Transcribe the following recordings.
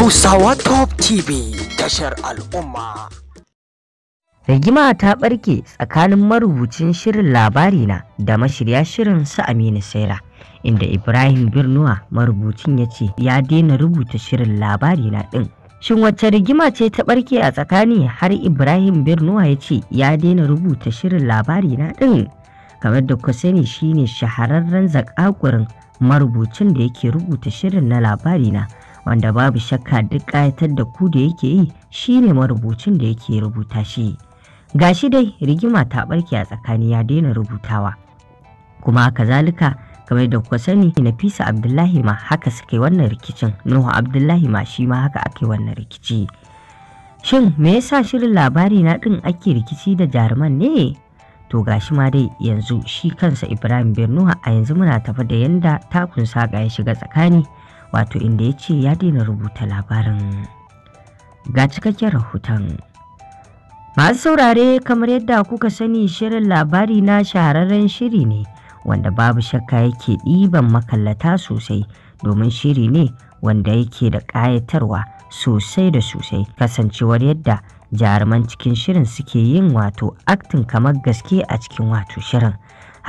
Hausawa Top TV tashar al'umma. Rigima ta ɓarke tsakanin marubucin shirin labari na da mashirya shirin su Aminu Saira, inda Ibrahim Birnuwa marubucin ya ce ya daina rubuta shirin labari na ɗin. Shin wacce rigima ce ta ɓarke a tsakani har Ibrahim Birnuwa ya ce ya daina rubuta shirin labari na ɗin? Kamar da kusani shine shahararren zakakurin marubucin da yake rubuta shirin na labari na. wanda babu shakka duk ƙayatar da ku da yake yi shi ne marubucin da yake rubuta shi Ga shi dai rigima ta ɓarke a tsakani ya daina rubutawa kuma kazalika kamar da kuka sani nafisa abdullahi ma haka suka wannan rikicin nuhu abdullahi ma shi ma haka aka yi wannan rikici shin me yasa shirin labari na ɗin ake rikici da jaruman ne to ga shi ma dai yanzu shi kansa ibrahim bernuha a yanzu muna tafa da yanda takun saga ya shiga tsakani wato inda ya ce ya daina rubuta labarin ga cikakken rahoton masu saurare kamar yadda kuka sani shirin labari na shahararren shiri ne wanda babu shakka yake ɗiban makallata sosai domin shiri ne wanda yake da ƙayatarwa sosai da sosai kasancewar yadda jaruman cikin shirin suke yin wato aktin kamar gaske a cikin wato shirin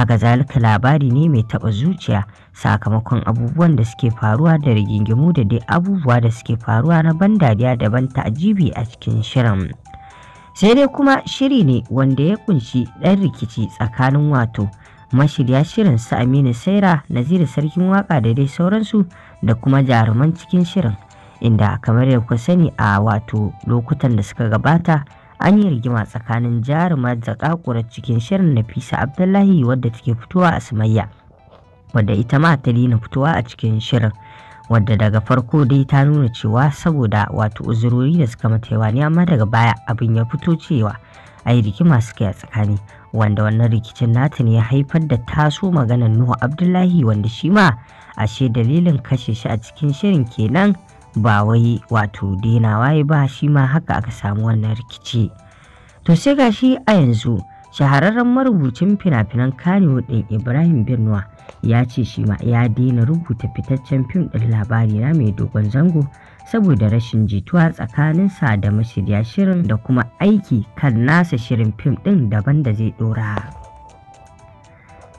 haka zalika labari ne mai taɓa zuciya sakamakon abubuwan da suke faruwa da rigingimu da dai abubuwa da suke faruwa na ban dariya da ban ta'ajibi a cikin shirin sai dai kuma shiri ne wanda ya kunshi ɗan rikici tsakanin wato mashirya shirin su aminu saira naziri sarkin waka da dai sauransu da kuma jaruman cikin shirin inda kamar da ku sani a wato lokutan da suka gabata an yi rigima tsakanin jarumar da kakurar cikin shirin nafisa abdullahi wadda take fitowa a sumayya wadda ita ma ta daina fitowa a cikin shirin wadda daga farko dai ta nuna cewa saboda wato uzurori da suka mata yawa amma daga baya abin ya fito cewa ai rigima suka yi tsakani wanda wannan rikicin nata ne ya haifar da taso maganar nuhu abdullahi wanda shi ma ashe dalilin kashe shi a cikin shirin kenan ba wai wato dena waye ba shi ma haka aka samu wannan rikici to sai gashi a yanzu shahararren marubucin fina-finan kanewo ɗin ibrahim birnuwa ya ce shi ma ya daina rubuta fitaccen fim ɗin labari na mai dogon zango saboda rashin jituwa tsakaninsa da mashirya shirin da kuma aiki kan nasa shirin fim ɗin daban da zai ɗora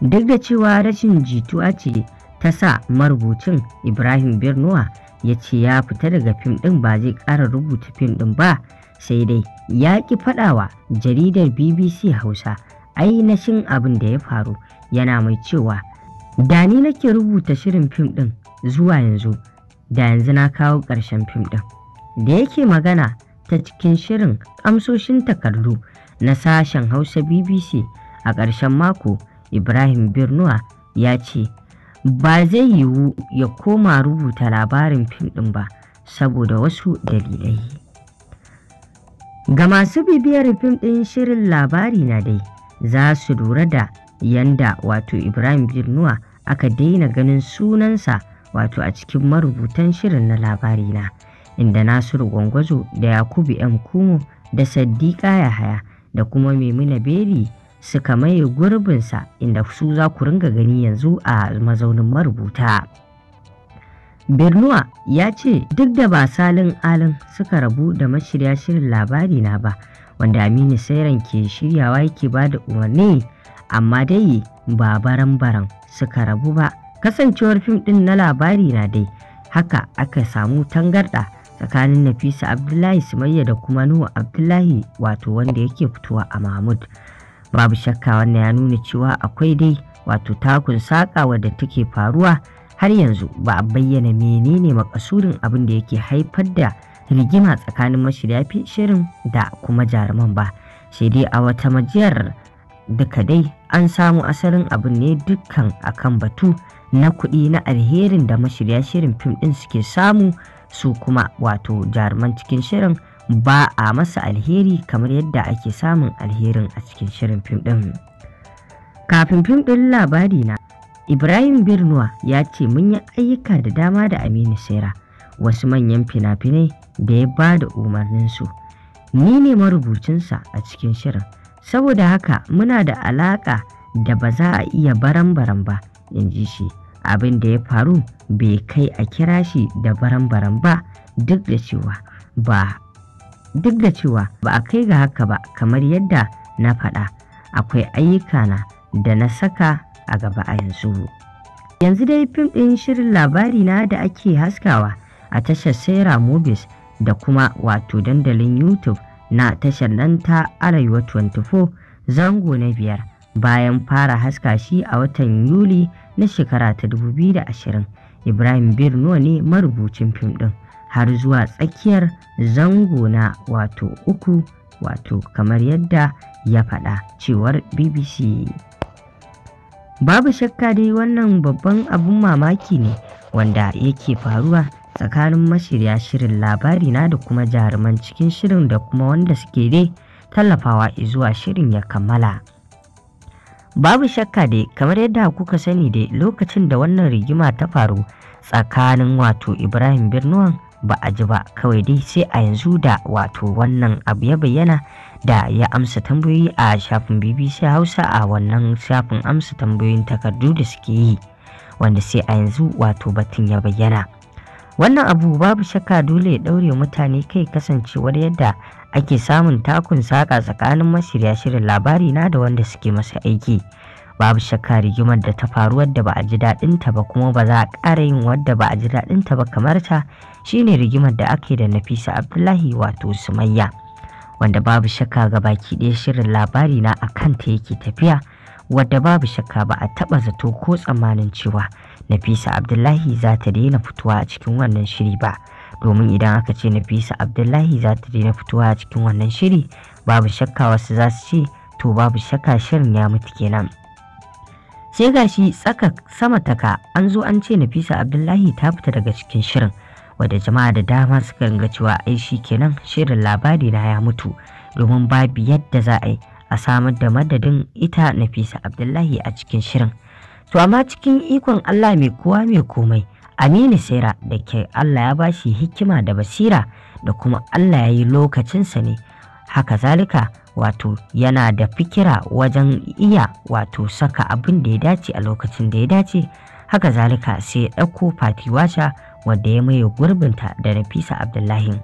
duk da cewa rashin jituwa ce ta sa marubucin ibrahim birnuwa ya ce ya fita daga fim ɗin ba zai ƙara rubuta fim ɗin ba sai dai ya ƙi faɗawa jaridar bbc hausa ainihin abin da ya faru yana mai cewa da ni nake rubuta shirin fim ɗin zuwa yanzu da yanzu na kawo ƙarshen fim ɗin da yake magana ta cikin shirin amsoshin takardu na sashen hausa bbc a ƙarshen mako ibrahim birnuwa ya ce ba zai yiwu ya koma rubuta labarin fim ɗin ba saboda wasu dalilai. Ga masu bibiyar fim ɗin shirin labari na dai za su lura da yanda wato Ibrahim Birnuwa aka daina ganin sunansa wato a cikin marubutan shirin na labari na inda Nasiru Gwangwazo da Yakubu M. Kumo da Saddiƙa Yahaya da kuma Maimuna Beri suka maye gurbinsa inda su za ku ringa gani yanzu a mazaunin marubuta. Birnuwa ya ce duk da ba salin alin suka rabu da mashirya shirin labari na ba wanda Aminu Sairan ke shiryawa yake ba da umarni amma dai ba baran-baran suka rabu ba kasancewar fim ɗin na labari na dai haka aka samu tangarɗa tsakanin Nafisa Abdullahi Sumayya da kuma Nuhu Abdullahi wato wanda yake fitowa a Mahmud. babu shakka wannan ya nuna cewa akwai dai wato takun saƙa da take faruwa har yanzu ba a bayyana menene maƙasurin abin da yake haifar da rigima tsakanin mashirya shirin da kuma jaruman ba sai dai a wata majiyar duka dai an samu asalin abin ne dukkan akan batu na kuɗi na alherin da mashirya shirin fim ɗin suke samu su kuma wato jaruman cikin shirin ba a masa alheri kamar yadda ake samun alherin a cikin shirin fim ɗin kafin fim ɗin labari na ibrahim birnuwa ya ce mun yi ayyuka da dama da aminu sera wasu manyan fina-finai da ya ba da umarninsu ni ne marubucinsa a cikin shirin saboda haka muna da alaƙa da ba za a iya baran-baran ba in ji shi abin da ya faru bai kai a kira shi da baran-baran ba duk da cewa ba duk da cewa ba a kai ga haka ba kamar yadda na faɗa akwai ayyukana da na saka a gaba a yanzu yanzu dai fim ɗin shirin labari na da ake haskawa a tashar sera movies da kuma wato dandalin youtube na tashar nan ta arewa 24 zango na biyar bayan fara haska shi a watan yuli na shekara ta 2020 ibrahim Birnuwa ne marubucin fim ɗin har zuwa tsakiyar zango na wato uku wato kamar yadda ya faɗa cewar bbc babu shakka dai wannan babban abun mamaki ne wanda yake faruwa tsakanin mashirya shirin labari na da kuma jaruman cikin shirin da kuma wanda suke dai tallafawa zuwa shirin ya kammala babu shakka dai kamar yadda kuka sani dai lokacin da wannan rigima ta faru tsakanin wato ibrahim birnuwan ba a ji ba kawai dai sai a yanzu da wato wannan abu ya bayyana da ya amsa tambayoyi a shafin bbc hausa a wannan shafin amsa tambayoyin takardu da suke yi wanda sai a yanzu wato batun ya bayyana wannan abu babu shakka dole ya ɗaure mutane kai kasancewar yadda ake samun takun saƙa tsakanin mashirya shirin labari na da wanda suke masa aiki. babu shakka rigimar da ta faru wadda ba a ji ta ba kuma ba za a ƙara yin wadda ba a ji daɗinta ba kamar ta shine rigimar da ake da nafisa abdullahi wato sumayya wanda babu shakka ga baki ɗaya shirin labari na a kanta yake tafiya wadda babu shakka ba a taɓa zato ko tsammanin cewa nafisa abdullahi za ta daina fitowa a cikin wannan shiri ba domin idan aka ce nafisa abdullahi za ta daina fitowa a cikin wannan shiri babu shakka wasu za su ce to babu shakka shirin ya mutu kenan sai gashi tsaka sama taka an zo an ce nafisa abdullahi ta fita daga cikin shirin wadda jama'a da dama suka ganga cewa ai shi kenan shirin labari na ya mutu domin babu yadda za a yi a samar da madadin ita nafisa abdullahi a cikin shirin to amma cikin ikon allah mai kowa mai komai aminu Sera, da ke allah ya bashi hikima da basira da kuma allah ya yi lokacinsa ne haka zalika wato yana da fikira wajen iya wato saka abin da ya dace a lokacin da ya dace haka zalika sai ya ɗauko fati washa wadda ya maye gurbinta da nafisa abdullahi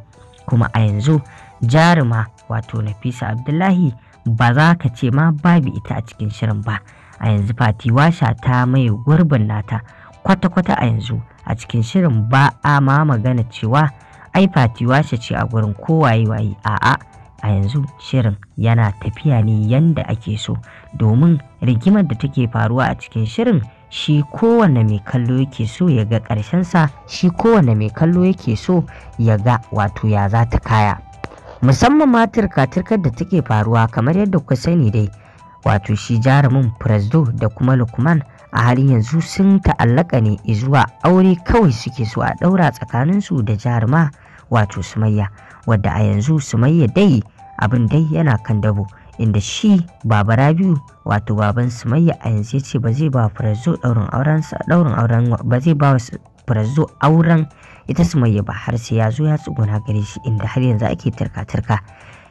kuma a yanzu jaruma wato nafisa abdullahi ba za ka ce ma babu ita a cikin shirin ba a yanzu fati washa ta maye gurbin nata kwata-kwata a yanzu a cikin shirin ba a ma magana cewa ai fati washa ce a gurin kowaye waye a'a a yanzu shirin yana tafiya ne yanda ake so domin rigimar da take faruwa a cikin shirin shi kowane mai kallo yake so ya ga ƙarshensa shi kowane mai kallo yake so ya ga wato ya za ta kaya musamman ma turka da take faruwa kamar yadda kuka sani dai wato shi jarumin presdo da kuma lukman a halin yanzu sun ta'allaka ne zuwa aure kawai suke so a ɗaura tsakaninsu da jaruma wato sumayya wadda a yanzu sumayya dai abin dai yana kan dabo inda shi baba rabiu wato baban sumayya a yanzu ya ce ba zai ba farazo daurin auren daurin auren ba zai ba farazo auren ita sumayya ba har sai ya zo ya tsuguna gare shi inda har yanzu ake tarka-tarka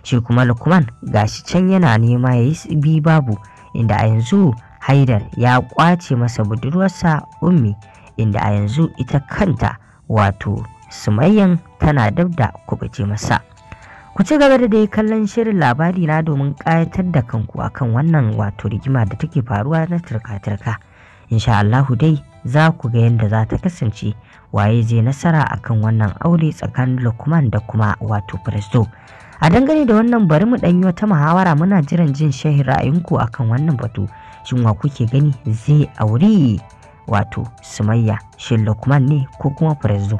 shi kuma lukman gashi can yana nema ya yi bi babu inda a yanzu haidar ya kwace masa budurwarsa ummi inda a yanzu ita kanta wato sumayyan tana dab da kubuce masa ku ci gaba da dai kallon shirin labari na domin ƙayatar da kanku akan wannan wato rigima da take faruwa na turka-turka insha Allahu dai za ku ga yadda za ta kasance waye zai nasara akan wannan aure tsakanin Lukman da kuma wato presto a dangane da wannan bari mu ɗanyi wata muhawara muna jiran jin shahin ra'ayinku akan wannan batu shin wa kuke gani zai aure wato sumayya shin Lukman ne ko kuma presto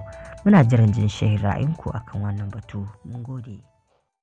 muna jiran jin shehin ra'ayinku akan wannan batu mun gode